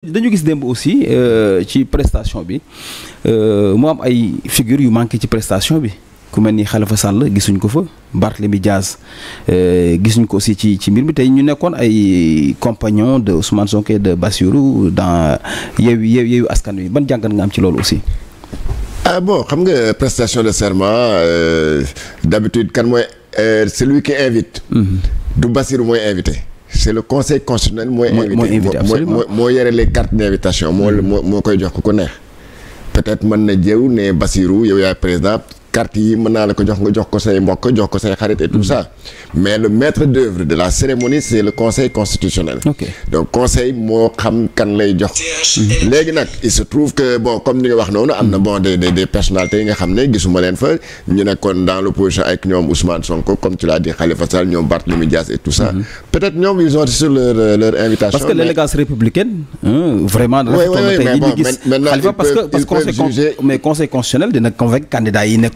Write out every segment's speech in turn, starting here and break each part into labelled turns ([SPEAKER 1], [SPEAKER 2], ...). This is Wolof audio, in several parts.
[SPEAKER 1] dañu gis démb aussi euh, ci prestation bi euh, mu am ay figures yu manqué ci prestation bi ku mel ni Khalifa Sall gisuñ ko fa Barthélémy Diaz euh, gisuñ ko aussi ci ci mbir mi tey ñu nekkoon ay compagnons de Ousmane Sonko de Bassirou dans yeewu yeewu askan wi ban jàngat nga am ci loolu aussi.
[SPEAKER 2] ah bon xam nga prestation de serment d'habitude kan mooy celui qui invite. Mhm. du Bassirou mooy invité. c'est le conseil constitutionnel. mooy invité moo moo yore les cartes d'invitation hmm. moo moo koy jox ku ko ne peut-être mën na jëw ne Basirou yow yaay président carte yi mën naa la ko jox nga jox ko mbokk jox ko xarit et tout ça mais le maître d'œuvre de la cérémonie c'est le conseil constitutionnel donc conseil moo xam kan lay jox léegi nag il se trouve que comme ni nga wax noonu am na bon des nga xam ne gisuma leen fa ñu nekkoon dans l'opposition ak ñoom Ousmane Sonko comme tu l'as dit Khalifa Sall ñoom Barthélémy Dias et tout ça mhm. peut-être ñoom ils ont reçu leur euh, invitation parce que l'élégance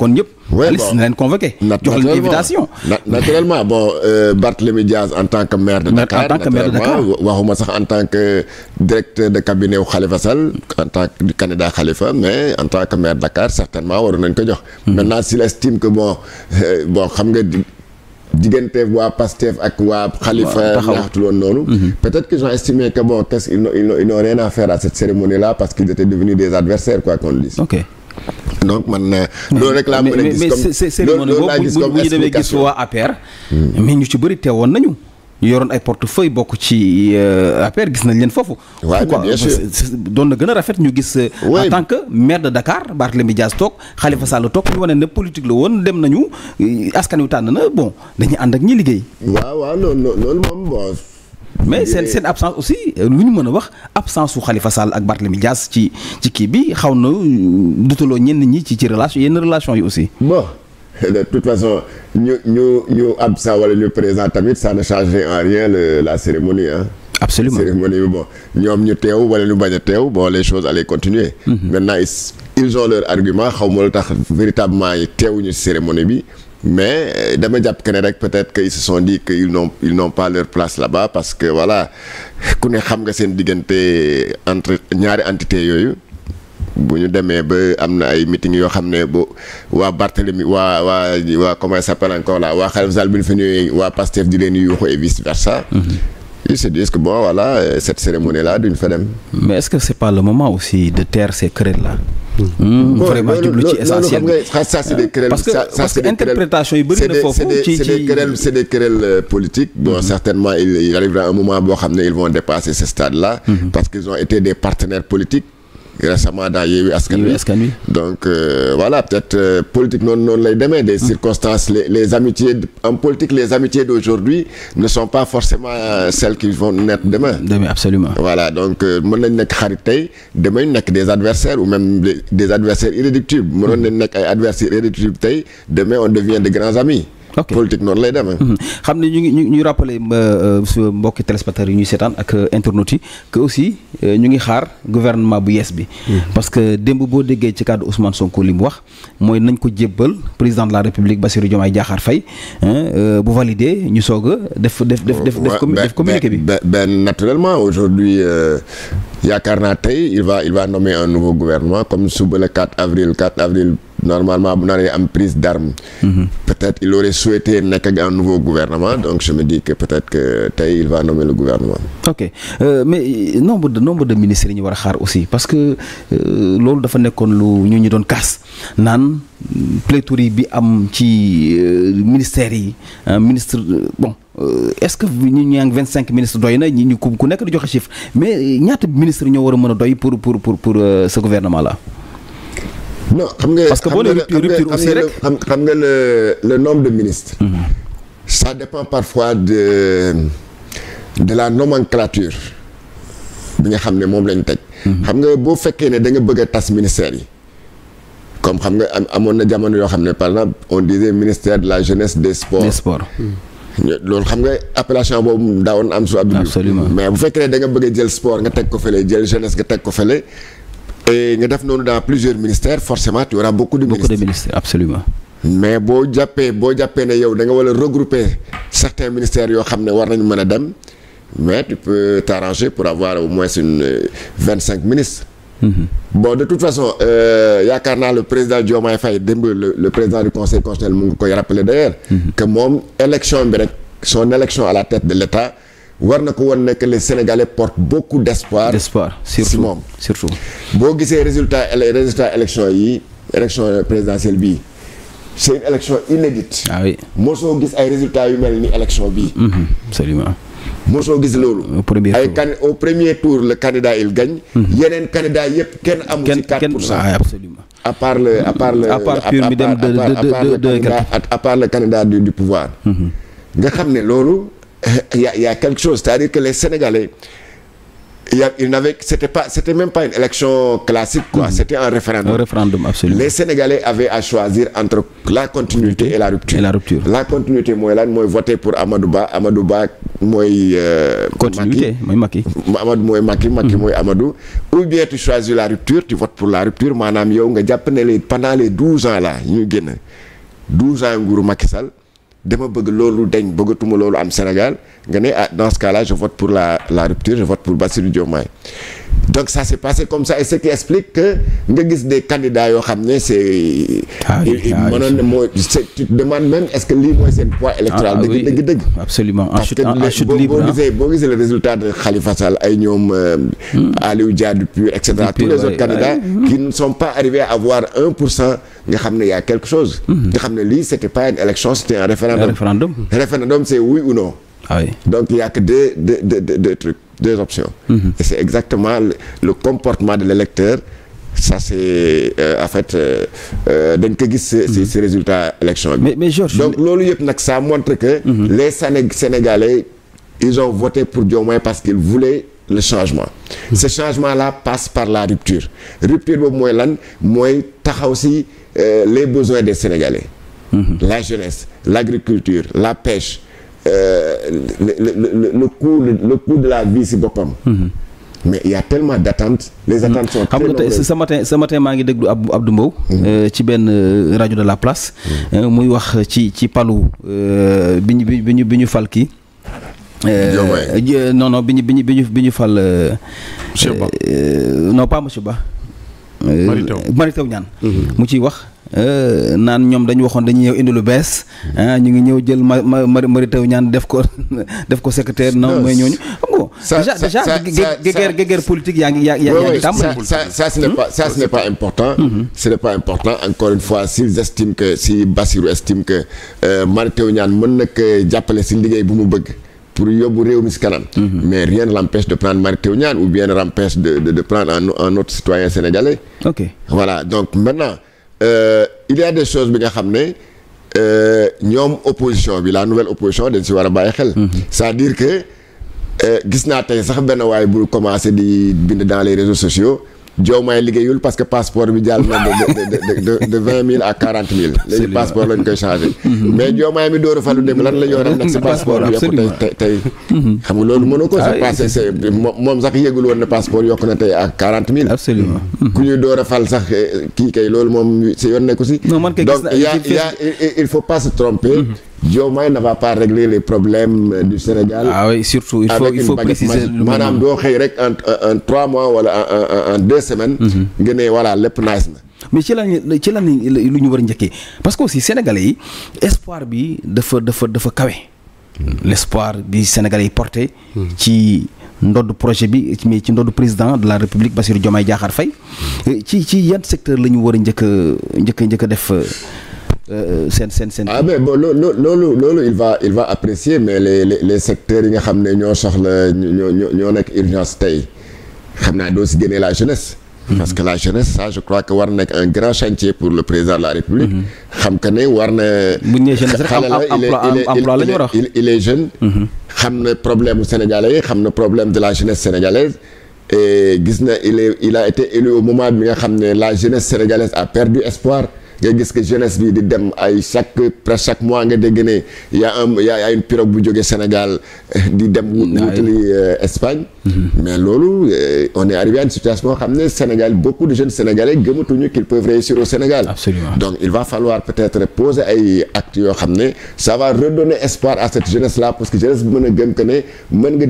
[SPEAKER 2] nekkoon ñëpp. oui liste na leen convoqué. jox leen invitation. naturellement bon euh, Barthélémy Diaz en tant que maire de Dakar. tant que maire de Dakar waxuma sax en tant que directeur de cabinet wu Khalifa Sall en tant que candidat Khalifa mais en tant que maire de Dakar certainement waroon nañ ko jox. Hmm. maintenant s'il estime que bon euh, bon xam nga. diggante waa Pastef ak waa Khalifa ñaxtu woon noonu hmm. peut-être que j'en estimais que bon qu'est-ce qu'ils n'ont rien cette cérémonie là parce qu'ils étaient devenus des adversaires quoi donc man. Euh, hmm. loolu rek laa mën a gis comme mais cérémonie boobu bu ñu demee gis waa APR. mais ñu ci bari
[SPEAKER 1] teewoon nañu. ñu yoroon ay portefeuille bokk ci euh, APR gis nañ leen foofu. waaw bien sûr doon na gën a rafet ñu gis. Euh, en tant que maire de Dakar Barthélémy Dias toog Khalifa Sall toog ñu wane ne politique la woon dem nañu askan wi tànn na bon dañu ànd ak ñi liggéey.
[SPEAKER 2] mais seen seen
[SPEAKER 1] absence aussi euh, lu ñu mën a wax absence su Khalifa Sall ak Barthélemy Dias ci ci kii bi xaw na euh, dutaloo ñenn ñi ci ci relation yenn
[SPEAKER 2] relation yi aussi. bon de toute façon ñu ñu ñu absent wala ñu présent tamit ça ne changerait en rien le, la cérémonie ah. absolument cérémonie bi bon ñoom ñu teew wala ñu bañ a teew bon les choses allaient continuer. Mm -hmm. maintenant ils ont leur argument xaw ma lu tax véritablement teewuñu cérémonie bi. mais euh, dama jàpp que ne rek peut-être que ils se sont dit que ils n'ont ils n'ont pas leur place là-bas parce que voilà ku ne xam nga seen diggante entre ñaari entité yooyu bu ñu demee ba am na ay meeting yoo xam ne bu waa Barthélemy waa waa waa comment ça s'appelle encore là waa Khalifa Sall bi ñu fa ñëwee waa Pastef di leen yuuxu et vice versa mm-hmm. ils se disent que bon voilà euh, cette cérémonie là duñ fa dem. mais est-ce que c'est pas le moment aussi de taire ces hmm. Hmm, querelles là. parce que interprétation yi bëri na foofu. ci c'est des querelles euh, politiques. Mhm. certainement il arrivera un moment boo xam ne ils vont dépasser ce stade là. Mhm. parce qu'ils ont été des partenaires politiques. récemment daa yeewi askan wi askan wi donc euh, voilà peut-être euh, politique noonu lay demee des hmm. circonstances les les amitiés en politique les amitiés d'aujourd'hui ne sont pas forcément euh, celles qui vont naître demain demain voilà donc euh, mën nañ nekk xarit tey demain nekk des adversaires ou même des adversaires irréductibles mënoon nañ nekk ay adversaires irréductibles tey demain on devient de grands amis ok politique noonu lay demee. Mhm. xam ne ñu ngi ñu
[SPEAKER 1] ñu rappelé euh, euh, mbokki téléspectateurs yi ñuy seetaan ak euh, internautes yi aussi ñu ngi xaar guvernement bu yees bi. Mhm. parce que démb boo déggee ci cadre Ousmane Sonko li mu wax mooy nañ ko jébbal président de la République Bassirou Diomaye Diakhar Faye bu validé ñu soog a def def def def def
[SPEAKER 2] communiqué bi. ben naturellement aujourd'hui yaakaar naa tey il va il va nommer un nouveau gouvernement comme suba le 4 avril 4 avril. normalement bu naree am prise d'armes mhm. peut-être il aurait souhaité nekk ak un nouveau gouvernement donc je me dis que peut-être que tey il va nommer le gouvernement ok euh, mais euh, nombre de nombre de ministres
[SPEAKER 1] yi ñu war a xaar aussi parce que euh, loolu dafa nekkoon lu ñu ñu doon kaas naan pléthore bi am ci ministères yi ministre bon est-ce que ñu ñaa ngi vingt cinq ministres doy na ñi ku nekk di joxe chiffre mais ñaata ministre ñoo war a mën a doy pour pour pour pour ce gouvernement
[SPEAKER 2] non xam nga parce que boo nee rupture aussi xam xam nga le le nombre de ministres. sa -hmm. ça dépend parfois de de la nomenclature bi nga xam ne moom lañ teg. Mhm. xam nga boo fekkee ne da nga bëgg a tas ministère yi. comme xam nga amoon na jamono yoo xam ne par exemple on disait ministère de la jeunesse des sports. des sports. Mhm. loolu xam nga appellation boobu daawoon am su Abdou Diouf. absolument mais bu fekkee ne da nga bëgg a jël sport nga teg ko fële jël jeunesse nga teg ko fële. et nga def noonu dans plusieurs ministères forcément tu auras beaucoup de. beaucoup de ministères absolument. mais boo jàppee boo jàppee ne yow da war a regrouper certains ministères yoo xam ne war nañu mën a dem mais tu peux t'arranger pour avoir au moins une euh, vingt cinq ministres. Mm -hmm. bon de toute façon euh, yaakaar naa le président Diomaye fay démb le, le président du conseil constitutionnel mu ngi koy rappeler d'ailleurs. Mm que moom élection bi rek son élection à la tête de l'État war na ko woon nekk les sénégalais portent beaucoup d' espoir. d' surtout boo gisee résultat résultat élection yi élection présidentielle bi c' est une élection inédite. ah oui mosoo gis ay résultats yu mel ni élection bii. Mm-hmm, absolument. mosoo gis loolu. ay can au premier tour la candidat il gagne. Mm-hmm. yeneen candidat yëpp kenn amu ci 4 pour cent ah, absolument à part le à part le à part pur mi dem de de de à il y a, il y a quelque chose. C'est-à-dire que les Sénégalais, il n'avait, c'était pas, c'était même pas une élection classique, quoi. Mhm. C'était un référendum. Un référendum, absolument. à choisir entre la continuité et la rupture. Et la rupture. La continuité, moi, là, mooy voter pour Amadouba. Amadouba, moi, euh, continuité, moi, Maki. Amadou, moi, Maki, Maki, mhm. moi, Amadou. Ou bien tu choisis la rupture, tu votes pour la rupture. Manam, yo, pendant les 12 ans, là, nous, 12 ans, Ngourou Macky Sall. dama bëgg loolu dañ bëggatuma loolu am Sénégal nga ne ah dans ce cas je vote pour la la rupture je vote pour Bassirou Diomaye donc ça s'est passé comme ça et ce qui explique que nga gis des candidats yoo xam ne c'est mënoon moo tu te demandes même est-ce que lii mooy seen poids électoral ah, ah, dëgg dëgg parce que boo gisee le résultat de Khalifa Sall ay ñoom euh, hmm. Aliou Dia du PUR et cetera tous les autres candidats hmm. qui ne sont pas arrivés à avoir nga xam ne a quelque chose. Mhm. nga xam ne lii c' était pas une élection c' était un référendum. référendum. référendum oui ou non. Ah donc il y' a que deux deux deux deux, deux trucs deux options. Mhm. et c' exactement le, comportement de l' électeur ça c' est euh, en fait euh, euh, dañ ko gis. si mhm. résultat élection bi. mais mais donc loolu yëpp nag ça montre que. Mm -hmm. les Sénégalais ils ont voté pour Diomaye parce qu'ils voulaient. le changement mmh. changement la passe par la rupture rupture boobu mooy lan mooy taxaw si euh, les besoins des Sénégalais. Mhm. La jeunesse, l'agriculture, la pêche, euh, le, le, de la vie si boppam. Mmh. mais il y a tellement d'attentes les mhm. attentes sont très
[SPEAKER 1] matin ce matin maa ngi déglu Ab Abdou Mbow mhm. euh, ci benn euh, rajo de la place muy wax ci ci palu bi ñu bi ñu fal kii non bi ñu bi ñu bi ñu bi ñu fal non pas Ba Euh, Mary Teuw Niane mm-hmm. mu ciy wax euh, naan ñoom dañu waxoon dañu ñëw indi lu bees ñu ngi ñëw jël ma ma Mary Teuw Niane def ko def ko secrétaire non mooy ñooñu xam nga déjà déjà guerre guerre yaa ngi yaa ngi tàmbali
[SPEAKER 2] ça ça ce n'est pas ça ce important mm-hmm. ce n'est pas important encore une fois s'ils estiment que si Bassirou estime que euh, Mary Teuw mën na jàppale si liggéey bi mu bëgg pour yóbbu réew mi si kanam. Mhm. mais rien ne l'empêche de prendre Mary Teuw Niane ou bien ne l'empêche de, de de prendre un, un citoyen sénégalais. ok voilà donc maintenant euh, il y a des choses bi nga xam ne euh, ñoom opposition bi la nouvelle opposition dañ si war a bàyyi xel. Mhm. c'est-à-dire que euh, gis naa tey sax benn waay bu commencé di bind dans les réseaux sociaux. Diomaye liggéeyul parce que passeport bi jàll na de de de vingt mille à quarante mille. léegi koy changé. Mhm. mais Diomaye mi door a falu dem lan la ñu war a def nag si passeport bi yokk tey tey. Mhm. ko si ah passé c' moom sax yëgul woon ne passeport yokk na tey à quarante mille. Mhm. ku ñuy door a fal sax eh, kii kay loolu moom si yoon nekku si. non man kay il faut pas se tromper. Diomaye ne va pas régler les problèmes euh, du Sénégal. ah oui surtout il faut il faut préciser maanaam doo xëy rek en en trois mois wala en en deux semaines. Mhm. nga ne voilà lépp naaj na.
[SPEAKER 1] mais ci lan ci lan lu ñu war a njëkkee parce que aussi sénégalais yi espoir bi dafa dafa dafa kawe.
[SPEAKER 2] Mhm. l' espoir
[SPEAKER 1] bi sénégalais yi porté. Mhm. ci ndodd projet bi mais ci ndodd président de la république Bassirou Diomaye Diakhar Faye ci ci yan secteur la ñu war a njëkk a njëkk a njëkk a def. Euh,
[SPEAKER 2] Euh, seen seen seen. Ah, loolu loolu il va il apprécier mais les les, les secteurs yi nga xam ne ñoo soxla ñoo ñoo ñoo nekk urgence tey xam naa doo si la jeunesse. Mm-hmm. parce que la jeunesse ça je crois que war na nekk un grand chantier pour le président de la république. Mm-hmm. xam que ne war na. bu ñu nee jeunesse rek emploi mm-hmm. xam na problème mu sénégalais xam na problème de la jeunesse sénégalaise. et gis na il est il a été élu moment nga xam ne la jeunesse sénégalaise a perdu espoir. nga gis que jeunesse bi di dem ay chaque presque chaque mois nga dégg ne y' a un une pirogue bu jógee Sénégal di dem. wutali euh, Espagne. Mm-hmm. mais loolu euh, on est arrivé à une situation boo xam ne Sénégal beaucoup de jeunes sénégalais gëmatuñu ki peuvent réussir au Sénégal. Absolument. donc il va falloir peut-être poser ay actes yoo xam ne ça va redonner espoir à cette jeunesse la parce que jeunesse bi mën a gën que ne mën nga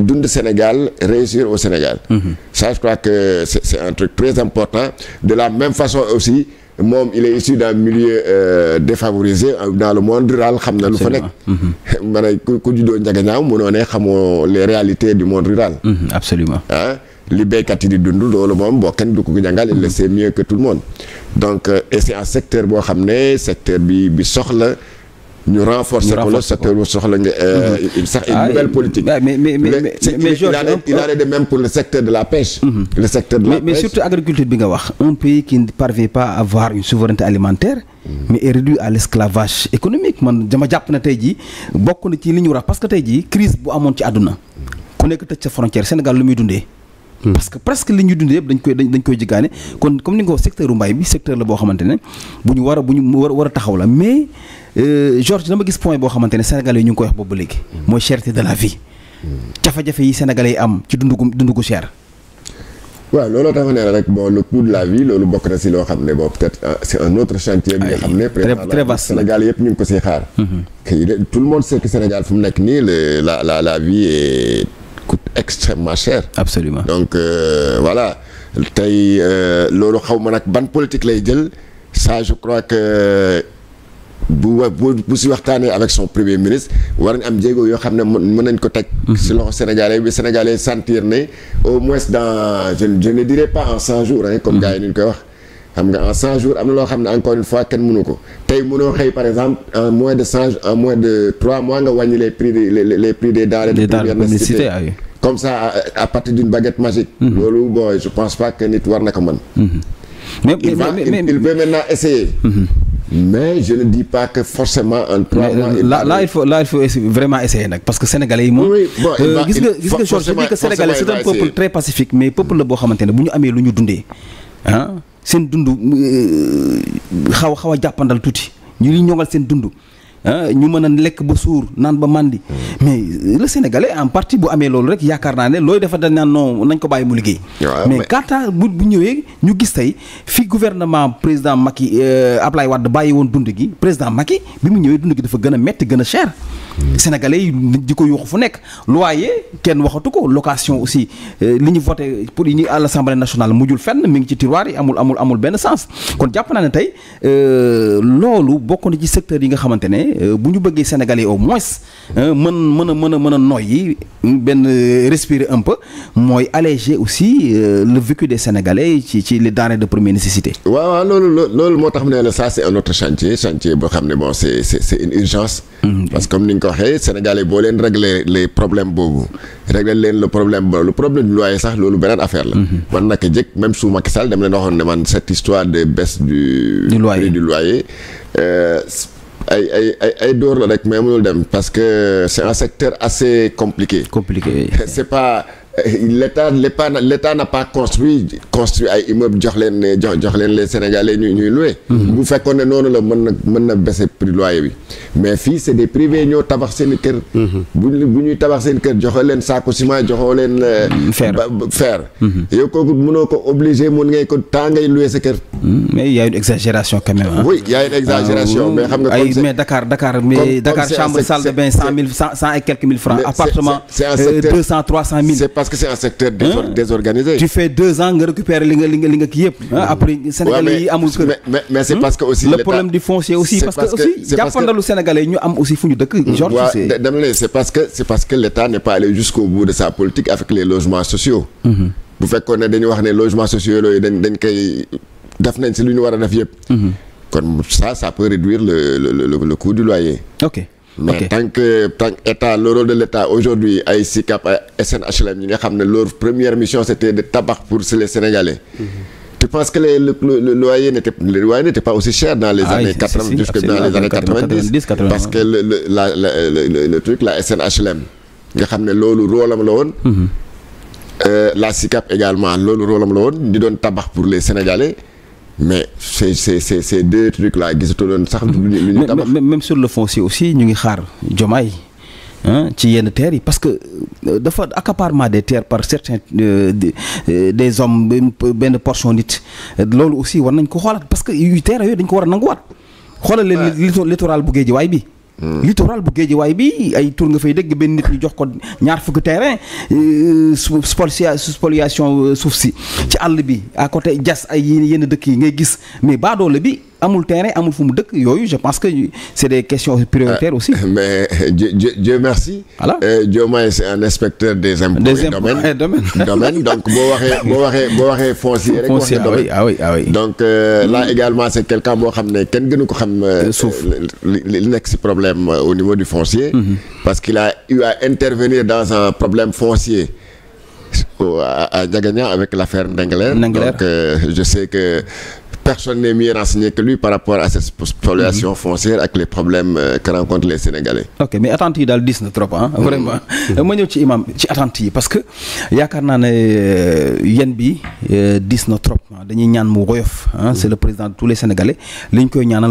[SPEAKER 2] dund Sénégal réussir au Sénégal. Mm-hmm. ça je que c'est un truc très important la même façon aussi. moom il est issu d'un milieu euh, défavorisé euh, dans le monde rural xam na lu fa nekk mhm. ma ne ku ku juddoo njagañaaw mënoo ne xamoo les réalités du monde rural mhm, absolument ah li béykat yi di dund loolu moom boo kenn du ko jàngal il le sait mieux que tout le monde donc euh, un secteur boo xam ne secteur bi bi soxla ñu renforcer ko la sa teewlu soxla nga euh, mm-hmm. une ah, mais mais mais mais Georges il en est de pour le secteur de la pêche. Mm-hmm. le secteur de la pêche mais surtout
[SPEAKER 1] agriculture bi nga wax. un pays qui ne parvient pas à avoir une souveraineté alimentaire. Mm-hmm. mais est réduit à l' économique man dama jàpp na tey jii bokk na ci li ñu war a parce que tey jii crise bu amoon ci àdduna. ku nekk tëj sa frontière Sénégal lu muy dundee. Hmm. parce que presque li ñu dundee yëpp dañ koy dañ koy jiggaane kon comme ni nga ko secteur u bi secteur la boo xamante ne bu ñu war a bu ñu war a taxaw la mais euh, Georges dama gis point boo xamante ne sénégalais yi ñu ngi koy boobu léegi hmm. mooy cherté de la vie hmm. jafe-jafe yi sénégalais yi am ci dundu gu cher
[SPEAKER 2] waaw looloo tax ma la rek bon le coût de la vie loolu bokk na si loo xam ne bon peut-être ah, c'est un autre chantier bi xam ne président Sénégal yëpp ñu mm-hmm. mu nekk nii coûte extrêmement cher. donc euh, voilà tey euh, loolu xaw ma nag ban politique lay jël ça je crois que bu si waxtaanee avec son premier ministre war nañ am jéego yoo xam ne mën nañ ko teg. Mhm. si loxo sénégalais bi sénégalais sentir ne au moins dans je ne je ne dirais pas en cent jours hein, comme mhm. gars ni ñu koy wax. xam nga en 100 jours am na loo xam ne encore une fois kenn mënu ko tey mënoo xëy par exemple en moins de 100 en moins de mois nga wàññi les prix des les les prix des denrées de première nécessité ah comme ça à partir d'une baguette magique. Mhm. loolu bon je pense pas que nit war na ko mën. Mhm. mais il va il veut maintenant essayer. Mhm. mais je ne dis euh, vraiment essayer
[SPEAKER 1] parce que sénégalais yi moom. Euh, gis nga gis nga Georges je dis que sénégalais c'est un pacifique mais peuple la boo xamante ne bu ñu amee lu ñu dundee ah. seen dund euh, xaw xaw a jàppandal tuuti ñu ngi ñoŋal seen dund ñu mën a lekk ba suur naan ba màndi hmm. mais euh, la sénégalais en partie bu amee loolu rek yaakaar naa ne looy dafa dañ naan non nañ ko bàyyi mu liggéey mais quanta bu bu ñëwee ñu gis tey fi gouvernement président Macky euh, Ablaye Wade bàyyi woon dund gi président Macky bi mu ñëwee dund gi dafa gën a metti gën a cher hmm. sénégalais yi di ko yuuxu fu nekk loyer kenn waxatu ko location aussi euh, li ñu voté pour yi ñu à l'Assemblée nationale mujjul fenn mi ngi ci tiroir yi amul amul amul benn sens kon jàpp naa ne tey loolu bokk na ci secteur yi nga xamante ne ne euh, bu ñu bëggee sénégalais au moins euh, mën mën a mën a mën a noyyi euh, benn respirer un peu mooy alléger aussi le vécu des sénégalais ci ci les denrées de première nécessité.
[SPEAKER 2] waaw waaw loolu loolu moo tax mu ne la ça c'est un autre chantier chantier boo xam ne bon c'est c'est c'est une urgence. Mmh, parce que comme ni ñu ko waxee sénégalais boo leen régler les problèmes boobu régler leen le problème boobu le problème du loyer sax loolu beneen affaire la. man mmh. naka jëkk même su Macky Sall dem leen waxoon ne man cette histoire de baisse du. du loyer du loyer. ay ay ay ay dóor la rek mais mënul dem parce que c'est un secteur assez compliqué. compliqué c'est pas. l'état l'état l'état n'a pas construit construit ay immeuble jox leen jox leen les sénégalais ñuy ñuy loué. Mhm. bu fekkoon ne noonu la mën na mën na baisse prix loyer mais fii c'est des privés ñoo tabax seen kër. Mhm. bu ñuy tabax seen kër joxe leen saako ciment joxoo leen. Euh, fer fer. Mhm. kooku mënoo ko obligé mun ngay ko temps ngay loué sa kër.
[SPEAKER 1] Hmm, mais a une exagération quand même ah. a une exagération ah, mais xam nga. ay mais Dakar Dakar mais Dakar chambre salle de bain cent mille parce que c'est un secteur désorganisé. tu fais deux ans nga récupérer li nga li nga mm-hmm. après sénégalais yi amul kër. Hmm? yi ñu am fu ñu dëkk. Mm-hmm. genre tu sais
[SPEAKER 2] dama lay c'est parce que c'est parce que l'État n'est pas allé jusqu'au bout de sa politique avec les logements sociaux. Mm-hmm. bu fekkoon ne dañu wax ne logements sociaux yooyu dañ dañ koy def nañ si lu ñu war def yëpp. kon ça peut réduire le le du loyer. mais okay. tant que tant que état le rôle de l' état aujourd'hui ay SICAP ay SNHLM ñi nga xam ne loolu première mission c' était de tabac pour les Sénégalais. Mm -hmm. le le le loyer n'était le loyer n'était pas aussi cher dans les ah, années 80 si, jusque dans les années 90 le le la SNHLM nga xam ne loolu rôle am la woon. Mm-hmm. Euh, la SICAP également loolu rôle am la woon di doon tabax pour les Sénégalais. mais ces ces ces ces deux trucs là gisatu leen sax. lu ñu tabax le foncier aussi ñu ngi xaar jomaay
[SPEAKER 1] ci yenn teer yi parce que euh, dafa accaparement de terres par certains euh, euh, des hommes benn portion nit loolu aussi war nañ ko xoolaat parce que yu terres yooyu dañ ko war a nanguwaat. xoolal leen littoral bu géej waay bi.
[SPEAKER 2] littoral
[SPEAKER 1] bu géejewaay bi ay tour nga fay dégg benn nit ñu jox ko ñaar fukki terrain euh, spoliation euh, suuf si ci àll bi à côté jas ay yenn dëkk yi ngay gis mais baadoole bi amul terrain amul fu mu dëkk yooyu je pense que c'est des questions prioritaires
[SPEAKER 2] aussi. Euh, mais euh, Dieu merci. voilà euh, Diomaye c'est un inspecteur des impôts et domaines domaine donc boo waxee boo waxee boo waxee foncier rek. foncier ah, ah, ah donc là également c'est quelqu'un boo xam ne kenn gënu ko xam. suuf li nekk ci problème au niveau du foncier. Mm-hmm. parce qu'il a eu intervenir dans un problème foncier. a Ndiaganiao avec l'affaire Ndengler. Ndengler donc je sais que. personne n'est mieux renseigné que lui par rapport à cette spoliation foncière ak les problèmes euh, que rencontrent les Sénégalais.
[SPEAKER 1] ok mais attentes yi daal diis na trop ah. ma ñëw ci imam ci attentes yi parce que euh, yaakaar naa ne yéen bi diis na trop dañuy ñaan mu woyof mm-hmm. c'est le président de tous les Sénégalais liñ koy ñaanal.